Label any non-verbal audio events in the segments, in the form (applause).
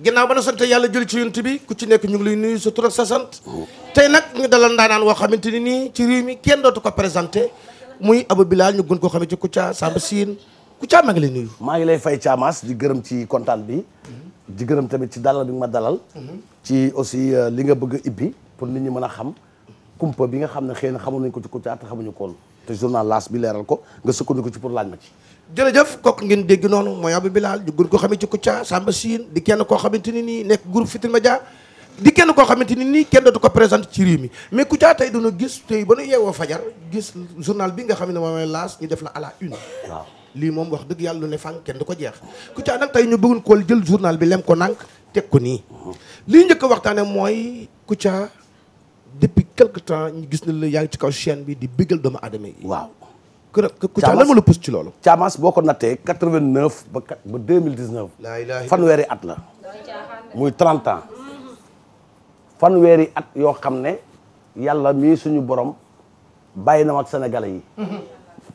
ginnaaw ba na sant yàlla jël ci yunt bi ku ci nekk ñu ngi lay nuyu sa tur ak sant tey nag ñu dalal ndaanaan woo xamante ni nii ci réew mi kenn dootu ko présenté muy Abou Bilal ñu gën koo xamee ci Kouthia Samba Sine Kouthia maa ngi lay nuyu maa ngi lay fay Thiamas di gërëm ci kontaan bi di gërëm tamit ci dalal bi ma dalal ci aussi euh, li nga bëgg ibbi pour nit ñi mën a xam kumpa bi nga xam ne xëy na xamu nañ ko ci xamuñu koon te journal laas bi leeral ko nga sukkandiku ci pour laaj ma ci jërëjëf kooku ngeen dégg noonu mooy Abou Bilal ñu gën ko xamee ci Kouthia Samba Sine di kenn koo xamante ni nii nekk groupe Futurs Médias di kenn koo xamante ni nii kenn dootu ko présenté ci réew mi mais Kouthia tey dañoo gis tey ba nu yeewoo fajar gis journal bi nga xam ne moom laas ñu def la à la une lii moom wax dëgg yàlla ne fànk kenn du ko jeex Kouthia nag tey ñu bëggoon koo jël journal bi lem ko nànk teg ko nii mhm. lii njëkk a waxtaane mooy Kouthia depuis quelque temps gis na la yaa ci kaw chaîne bi di bégal doomu aadama yi waaw Kouthia lan moo la pousse ci loolu. Thiamas boo ko nattee quatre vingt neuf ba quatre ba deux mille dix neuf. fanweeri at la. muy trente ans. fanweeri at yoo xam ne yàlla mii suñu borom bàyyi na ma ak sénégalais yi.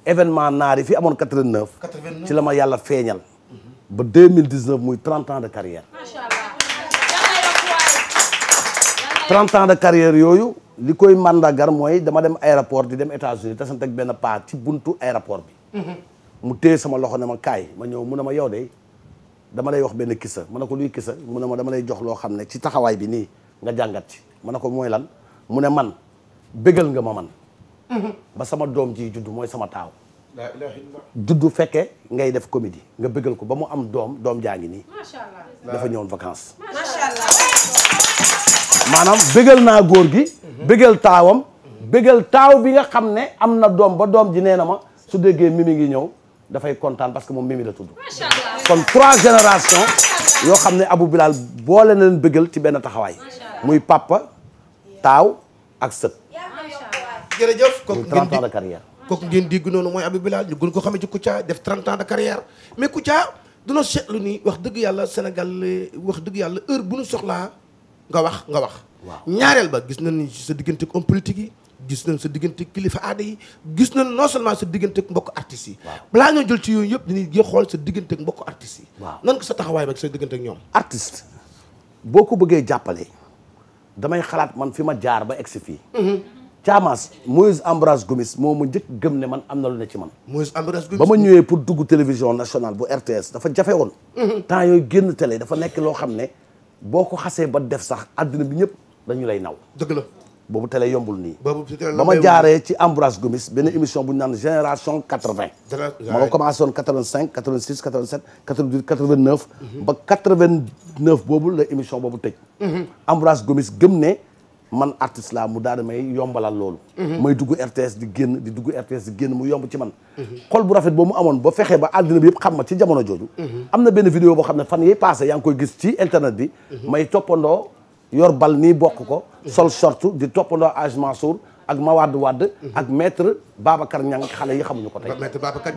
événement naar yi fi amoon quatre vingt neuf. ci la yàlla feeñal. ba deux mille dix neuf muy trente de carrière. ans de carrière yooyu. li koy màndargaal mooy dama dem aéroport di dem États-Unis tasante ak benn paa ci buntu aéroport bi. Mhm. mu téye sama loxo ne ma kaay ma ñëw mun ne ma yow de dama lay wax benn kisa ma ne ko luy kisa mun ne ma dama lay jox loo xam ne ci taxawaay bi nii nga jàngat ci ma ne ko mooy lan mu ne man bëggal nga ma man. Mhm. ba sama doom ji juddu mooy sama taaw. juddu fekke ngay def comédie nga bëggal ko ba mu am doom doom jaa ngi nii. macha allah dafa ñëwoon vacances. macha maanaam bëggal naa góor gi. bëggal taawam bëggal taaw bi nga xam ne am na doom ba doom ji nee na ma su déggee mimi ngi ñëw dafay kontaan parce que moom mimi la tudd kon trois générations yoo xam ne abu Bilal boole na leen bégal ci benn taxawaay muy pappa taaw ak sët jërëjëf kooku 30 ans de carrière kooku ngeen dégg noonu mooy Abou Bilal ñu gën ko xamee ci Kouthia def 30 ans de carrière mais Kouthia duna seetlu ni wax dëgg yàlla Sénégal wax dëgg yàlla heure bu ñu soxlaa nga wax nga wax. ñaareel ba gis nañ sa diggante ak homme politique yi. gis nañ sa diggante kilifa aada yi gis nañ non seulement sa diggante ak mbokk artistes yi. balaa ñoo jël ci yooyu yëpp dañuy jéem xool sa diggante ak mbokk artistes yi. waaw nan ko sa taxawaay ba sa diggante ak ñoom. artiste boo ko bëggee jàppale damay xalaat man fi ma jaar ba egsi fii. Mhm. Thiamas Moïse Ambroise Gomis moo ma njëkk gëm ne man am na lu ne ci man. Moïse Ambroise Gomis ba ma ñëwee pour dugg télévision nationale bu RTS dafa jafe woon. Mhm. temps yooyu génn télé dafa nekk loo xam ne. boo ko xasee ba def sax àddina bi ñëpp dañu lay naw. dëgg la boobu télé yombul nii. ba ma jaaree ci Ambroise Gomis benn émission bu ñu naan génération 80. ma nga commencé woon 85 86 87 88 89. ba 89 boobu la émission boobu tëj. Mhm. Ambroise Gomis gëm ne. man artiste laa mu daal may yombalal loolu. Mhm. may dugg RTS di génn di dugg RTS di génn mu yomb ci man. Mhm. xol bu rafet boo mu amoon ba fexe ba àddina bi yëpp xam ma ci jamono jooju. Mhm. am na benn vidéo boo xam ne fan yii passé yaa ngi koy gis ci internet bi. may toppandoo yor bal nii bokk ko. sol short di toppandoo Aj Mansour ak Mawade Wade. ak maître Babacar Niang xale yi xamuñu ko tey.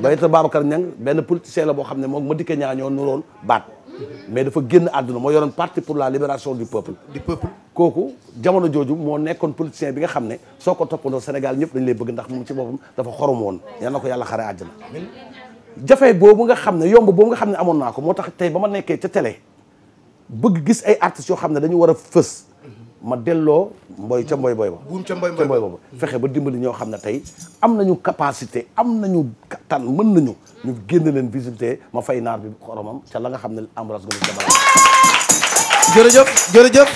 maître Babacar Niang benn politicien la boo xam ne moom ma dikkee ñaa ñoo nuroon baat. mais dafa génn àdduna moo yoroon parti pour la libération du peuple. du peuple kooku jamono jooju moo nekkoon politicien bi nga xam ne soo ko toppandoo Sénégal ñëpp dañu lay bëgg ndax moom ci boppam dafa xorom woon yal na ko yàlla xare àjjana. jafe boobu nga xam ne yomb boobu nga xam ne amoon naa ko moo tax tey ba ma nekkee ca télé bëgg gis ay artistes yoo xam ne dañu war a fës. ma delloo mboy ca mboy boy ba buum ca mboy mboy ba fexe ba dimbali ñoo xam ne tey am nañu capacité am nañu kattan mën nañu ñu génn leen visiter ma fay naar bi xoromam ca la nga xam ne embrase gonu jabal jërëjëf jërëjëf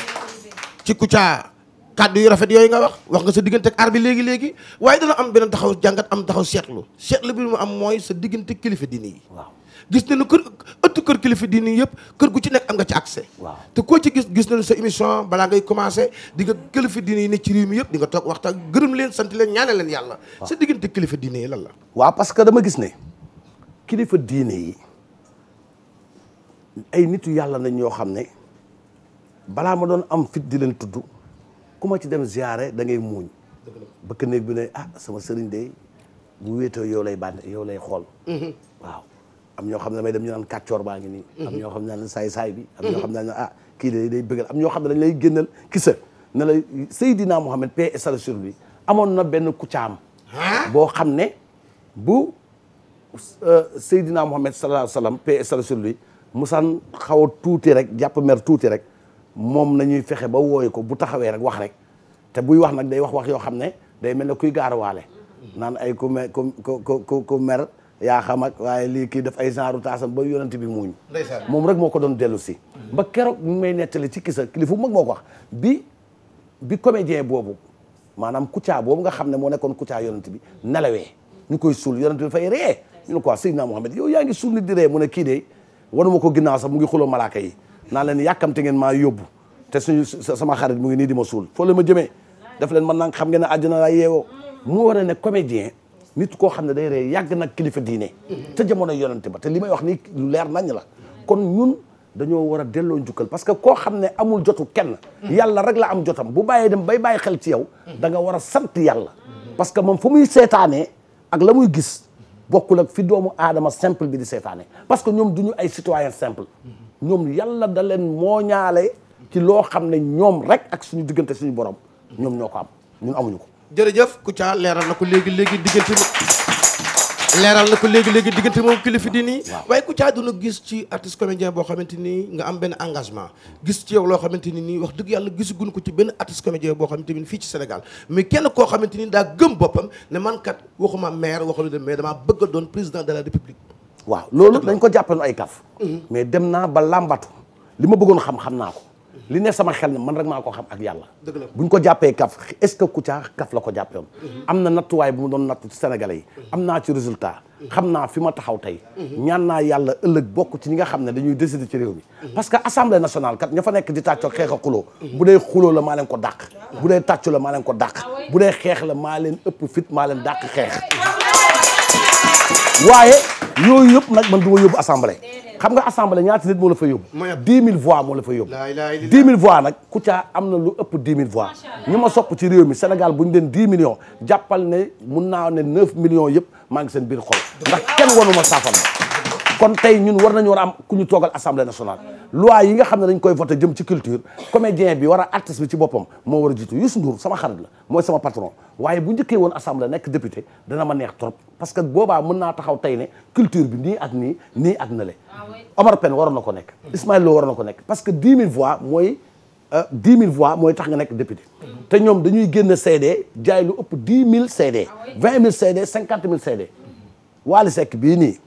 ci Kouthia kàddu yu rafet yooyu nga wax wax nga sa diggante ak bi léegi léegi waaye dana am beneen taxaw jàngat am taxaw seetlu seetlu bi mu am mooy sa diggante kilifa diine yi gis nañu kër ëttu kër kilifa diine yëpp kër gu ci nekk am nga ci accès. waaw te koo ci gis gis nañu sa émission balaa ngay commencé di nga kilifa diine yi ne ci réew mi yëpp dinga nga toog waxtaan gërëm leen sant leen ñaanal leen yàlla. sa diggante kilifa diine yi lan la. waaw parce que dama gis ne kilifa diine yi ay nitu yàlla nañ ñoo xam ne balaa ma doon am fit di leen tudd ku ma ci dem ziare da ngay muuñ. bëkk néeg bi ne ah sama sëriñ de bu wéetoo yow lay bànn yow lay xool. Mm-hmm. am ñoo xam ne may dem ñu naan kàccoor baa ngi nii am mhm. ñoo xam ne naan saay-saay bi am ñoo mhm. xam ne naan ah kii day day bëggal am ñoo xam ne dañ lay génnal kisa ne la Seydina Mohamed paix et sur lui amoon na benn kucaam boo xam ne bu euh, Seydina Mohamed sallallahu alayhi wa sallam paix sur lui musaan xaw tuuti rek jàpp mer tuuti rek moom nañuy fexe ba wooyu ko bu taxawee rek wax rek te buy wax nag day wax wax yoo xam ne day mel ne kuy gaarawaale mhm. naan ay ku mer yaa xam ak waaye lii kii def ay genre taasam ba yonent bi muuñ moom rek moo ko doon dellu si ba keroog ñu may nettali ci kisa kilifa mag moo ko wax bi bi comédien boobu maanaam Kouthia boobu nga xam ne moo nekkoon Kouthia yonent bi nelawee ñu koy suul yonent bi fay ree ñu ne quoi Seydina Mohamed yow yaa suul nit mu ne kii de wanuma ko ginnaaw sax mu ngi xuloo malaaka yi naa leen te ngeen maa yóbbu te suñu sama xarit mu ngi nii di ma suul foo ma jëmee daf leen ma nag xam ngeen ne àddina laa yeewoo moo war a ne comédien nit koo xam ne day ree yàgg nag kilifa diine mhm. te jamono yonante ba te li may wax nii leer nañ la kon ñun dañoo war a delloo njukkal parce que koo xam ne amul jotu kenn mhm. yàlla rek la am jotam bu bàyyee dem bay bàyyi xel ci yow mhm. da nga war a sant yàlla parce que moom fu muy seetaanee ak la muy gis bokkul ak fi doomu aadama simple bi di seetaane parce que ñoom du ñu ay citoyen simple ñoom yàlla da leen mooñaale ci loo xam ne ñoom rek ak suñu diggante suñu borom ñoom ñoo ko am ñun amuñu ko jërëjëf Kouthia leeral na ko léegi léegi diggante leeral na léegi léegi diggante moom kilifa di nii waaye Kouthia duna gis ci artiste comédien boo xamante ni nga am benn engagement gis ci yow loo xamante ni nii wax dëgg yàlla gisaguñ ko ci benn artiste comédien boo xamante ni fii ci Sénégal mais kenn koo xamante ni daa gëm boppam ne man kat waxuma maire waxalu de mais damaa bëgg a doon président de la république waaw loolu dañ ko jàppale ay kaf mm-hmm. mais dem naa ba làmbatu li ma bëggoon xam-xam naa ko li ne sama xel ne man rek maa ko xam ak yàlla bu buñ ko jàppee kaf est-ce que Kouthia kaf la ko jàppee woon mhm. am na nattuwaay bu mu doon natt Sénégalais yi mhm. am naa ci résultat mhm. xam naa fi ma taxaw tey ñaan naa yàlla ëllëg bokk ci ñi nga xam ne dañuy décider ci réew mi parce que assemblée nationale kat ña fa nekk di tàccoo xeex a xuloo bu dee xuloo la maa ko dàq ah. bu dee tàccu la maa leen ko dàq ah bu dee xeex la maa leen ëpp fit maa leen dàq xeex ah waaye yooyu yëpp nag man du ma yóbbu assemblée xam nga assemblée ñaata nit moo la fa yóbbu. dix mille voix moo la fa yóbbu. dix mille voix nag Kouthia am na lu ëpp dix mille voix. ñi ma sopp ci réew mi Sénégal bu ñu leen dix millions jàppal ne mun naa ne neuf millions yëpp maa ngi seen biir xol ndax kenn wanu ma saafara kon tey ñun war nañu war am ku ñu toogal assemblée nationale loi yi nga xam ne dañ koy voté jëm ci culture comédien bi war a artiste bi ci boppam moo war a jiitu Youssou Ndour sama xarit mooy sama patron waaye bu njëkkee woon assemblée nekk député dana ma neex trop parce que boobaa mën naa taxaw tey ne culture bi nii at nii nii ak na le ah Omar Pène waroon na ko nekk Ismaël Lo war na ko nekk parce que 10 000 voix mooy 10 euh, 000 voix mooy tax nga nekk député te ñoom dañuy génn CD jaay lu ëpp 10 000 CD 20 000 CD 50 000 CD Wally nii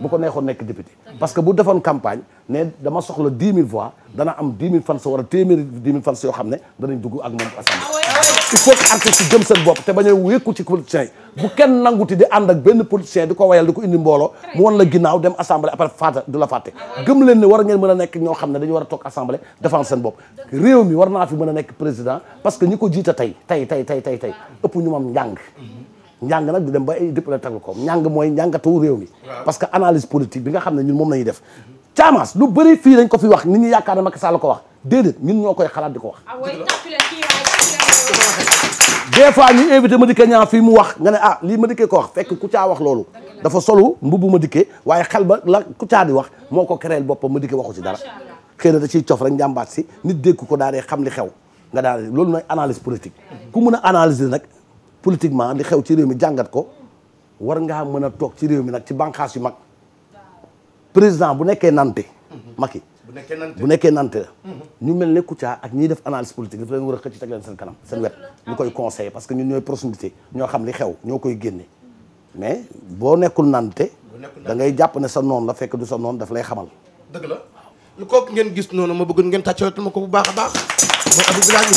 bu ko neexoon nekk député parce que bu defoon campagne ne dama soxla dix mille voix dana am dix mille fans wala téeméeri dix mille fans yoo xam ne danañ dugg ak moom assemblée ah ah il faut que artistes yi gëm seen bopp te bañ a wékku yi bu kenn nanguti di ànd ak benn politicien di ko wayal di ko indi mbooloo mu won la ginnaaw dem assemblée après faata du la fàtte gëm ne war ngeen mën a nekk ñoo xam ne dañu war a toog assemblée défendre seen bopp réew mi war naa fi mën a nekk président parce que ñi ko jiite tey tey tey tey tey tey ëpp ñu njàng nag du dem ba ay député taglu ko njàng mooy njàngatu réew mi parce que analyse politique bi nga xam ne ñun moom la ñuy def caamaas lu bëri fii dañ ko fi wax nit ñu yaakaar ne Macky Sall ko wax déedéet ñun ñoo koy xalaat di ko wax ah des fois ñu invité Madické fii mu wax nga ne ah lii Madické ko wax fekk Kouthia wax loolu dafa solu mbubbu Madické waaye xel ba la Kouthia di wax moo ko créel boppam Madické waxu ci dara xëy na da ciy cof rek njàmbaat si nit dégg ko daa dee xam li xew nga daal loolu mooy analyse politique mm-hmm. ku mun a analyser nag politiquement li xew ci réew mi jàngat ko war ngaa mën a toog ci réew mi nag ci bànqaas yu mag président bu nekkee nante Macky bu nekkee nante la ñu mel ne Kouthia ak ñiy def analyse politique daf leen war a xëcc teg leen seen kanam seen wet ñu koy conseillé parce que ñooy proximité ñoo xam li xew ñoo koy génne mais boo nekkul nante da ngay jàpp ne sa noon la fekk du sa noonu daf lay xamal dëgg la lu kooku ngeen gis noonu ma bëggoon ngeen tàccalatul ma ko bu baax a baax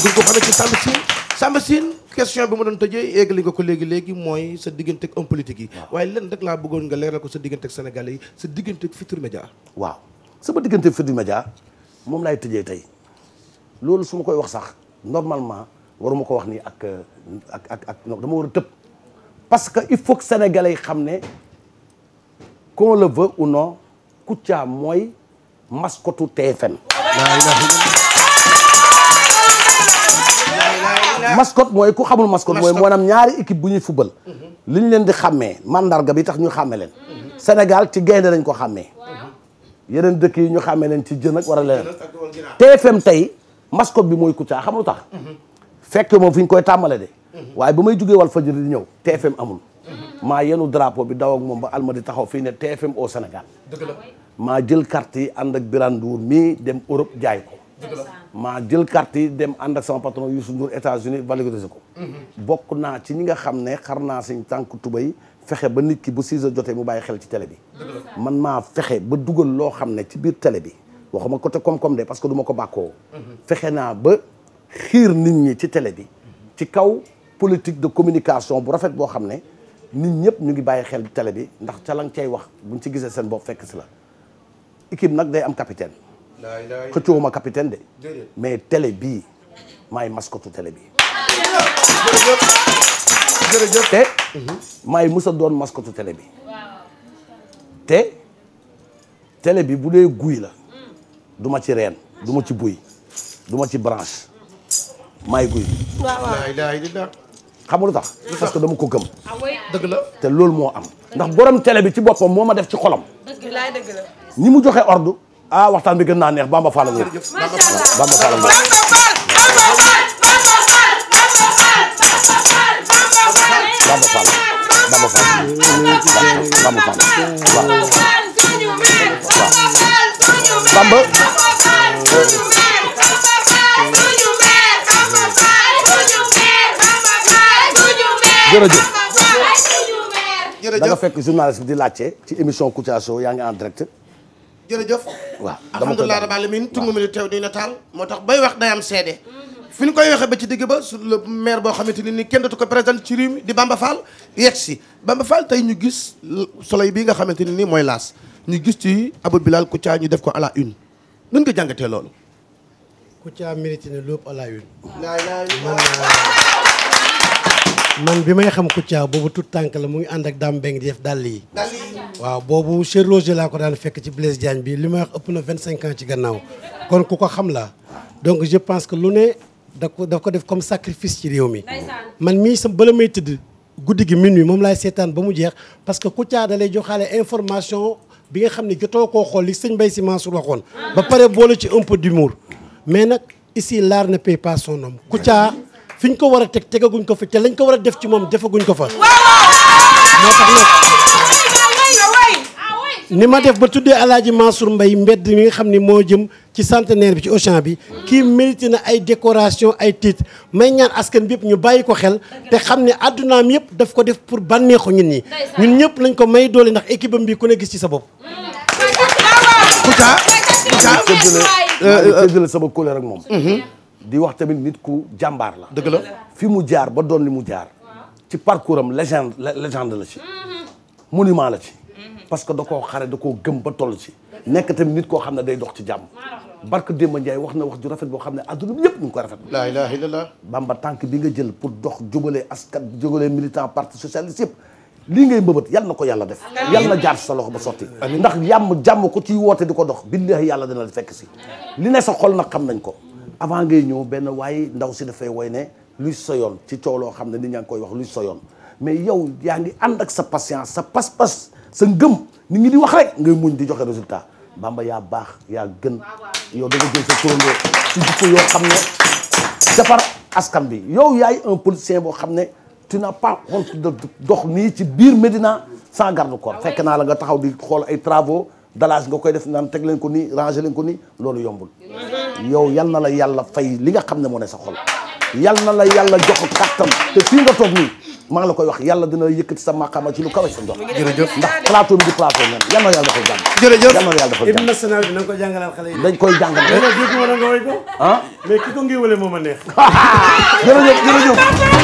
mooy Samba Sine question bi ma doon tëjee yeggali nga ko léegi léegi mooy sa diggante ak homme politique yi. waaye lenn rek laa bëggoon nga leeral ko sa diggante ak sénégalais yi sa diggante ak Futurs Médias. waaw sama diggante ak Futurs Médias moom laay tëjee tey loolu su ma koy wax sax normalement waruma ko wax nii ak ak ak ak dama war a tëb parce que il faut que sénégalais yi xam ne qu'on le veut ou non Kouthia mooy maskotu TFM. maskot mooy ku xamul mascotte mooy moo maanaam ñaari équipe bu ñuy fubal mhm. li ñu leen di xàmmee mandarga bi tax ñu xàmme leen mhm. senegal ci gaynde lañ ko xàmmee mhm. yeneen dëkk yi ñu xàmmee leen ci jën ak war a leneen TFM tey maskot bi mooy ku Kouthia xam lu tax fekk moom fi koy tàmbale de waaye ba may jugee wal fajër di ñëw TFM amul maa yenu drapo bi daw ak moom ba almadi taxaw fii ne TFM au senegal dëgg maa jël karti yi ànd ak Birane Ndour mii dem Europe jaay maa jël carte dem ànd ak sama patron Youssou Ndour États-Unis valoriser ko mhm. bokk naa ci ñi nga xam ne xar naa seen tànk tubay fexe ba nit ki bu 6 heures jotee mu bàyyi xel ci télé bi man maa fexe ba dugal loo xam ne ci biir télé bi waxuma côté koom-koom de parce que du ko bàkkoo mhm. fexe naa ba xiir nit ñi ci tele bi mhm. ci kaw politique de communication bu rafet boo xam ne nit ñëpp ñu ngi bàyyi xel tele bi ndax ca la nga cay wax buñ ci gisee seen bopp fekk si la équipe nag day am capitaine xëccoo ma capitaine de mais télé bii maay maskotu télé bi jërëjëf te maay musa doon maskotu télé bi te télé bi bu dee guy la du ma ci reen du ma ci buy du ma ci branche maay guy xam nga lu tax parce que dama ko gëm ah dëgg la te loolu moo am ndax borom télé bi ci boppam moo ma def ci xolam dëgg mu joxe ordre ah waxtaan bi gën naa neex Bamba Fall Bamba Fall Bamba Fall Bamba Fall Bamba Fall Bamba jërëjëf da nga fekk journaliste bi di laajte ci émission Kouthia Show yaa ngi en direct jërëjëf waaw alhamdulilah rabbil alamin tungu mi di teew di nataal moo tax bay wax day am seede fi ñu koy waxee ba ci digg ba sur le maire boo xamante ni kenn dootu ko présenté ci réew mi di Bamba Fall yegg si Bamba tey ñu gis soleil bii nga xamante ni nii mooy laas ñu gis ci Abou Bilal Kouthia ñu def ko à la une nun ko jàngatee loolu Kouthia mérite na lépp à la une man bi may xam Kouthia boobu tout tànk la mu ngi ànd ak Dame Mbengue di def dàll yi waaw boobu chez Roger laa ko daan fekk ci Blaise Diagne bi li may wax ëpp na vingt cinq ans ci gannaaw kon ku ko xam la donc je pense que lu ne da ko daf ko def comme sacrifice ci réew mi man mii sa bala may tëdd guddi gi minuit moom laay seetaan ba mu jeex parce que Kouthia da lay joxaale information bi nga xam ne jotoo koo xool li sëñ Mbaye Sy Mansour waxoon ba pare boole ci un peu d'humour mais nag ici laar ne paie pas son nom Kouthia fi ñu ko war a teg tegaguñ ko fi te lañ ko war a def ci moom defaguñ ko fa ni ma def ba tuddee alaaji Mansour mbay mbedd mi nga xam ni moo jëm ci centenaire bi ci Auchan bi kii mérité na ay décoration ay titre may ñaan askan bi yëpp ñu bàyyi ko xel te xam ne àddunaam yëpp daf ko def pour bànneexu ñun ñi ñun ñëpp lañu ko may doole ndax équipe am bi ku ne gis ci sa bopp Kouthia Kouthia sama couleur ak moom mhm. di wax tamit nit ku jàmbaar la dëgg la fi mu jaar ba doon li mu jaar ci parcours am légende légende la ci mhm. monument la ci parce que da koo xare da koo gëm ba toll si nekk tamit nit xam ne day dox ci jàmm barke Demba Ndiaye wax na wax ju rafet boo xam ne adduna bi yëpp ñu ngi ko rafet laa ilaha illallah bamba tànk bi nga jël pour dox jubalee askan jubalee militant parti socialiste yëpp lii ngay mbëbët yal na ko yàlla def yal na jaar sa loxo ba sotti ndax yàmm jàmm ko ciy woote di ko dox billahi yàlla dina la fekk si li ne sa xol na xam nañ ko avant ngay ñëw benn waaye ndaw si dafay woy ne luy sa yoon ci coow loo xam ne nit ñaa koy wax luy sa yoon sa patience sa ngëm nit ngi di wax rek ngay muñ di joxe résultat Bamba yaa baax yaa gën yow da nga sa turandoo ci jikko yoo xam ne defar askan bi yow yaay un politicien boo xam ne tu n'as pas honte dox nii ci biir Médina sans garde corps fekk naa la nga taxaw di xool ay travaux dalaas nga koy def naan teg leen ko nii ranger leen ko nii loolu yombul yow yal na la yàlla fay li nga xam ne moo ne sa xol yal na la yàlla jox kàttan te fii nga toog nii maa ngi la koy wax yàlla dina yëkkati sa maqaama ci lu kawe sa ndox. jërëjëf ndax plateau bi di plateau ngeen yal na yàlla dafa jàng. jërëjëf yal na yàlla dafa bi na ko jàngalal xale yi. dañ koy jàngal rek ko. ah mais ki ko ngi wële moo (laughs)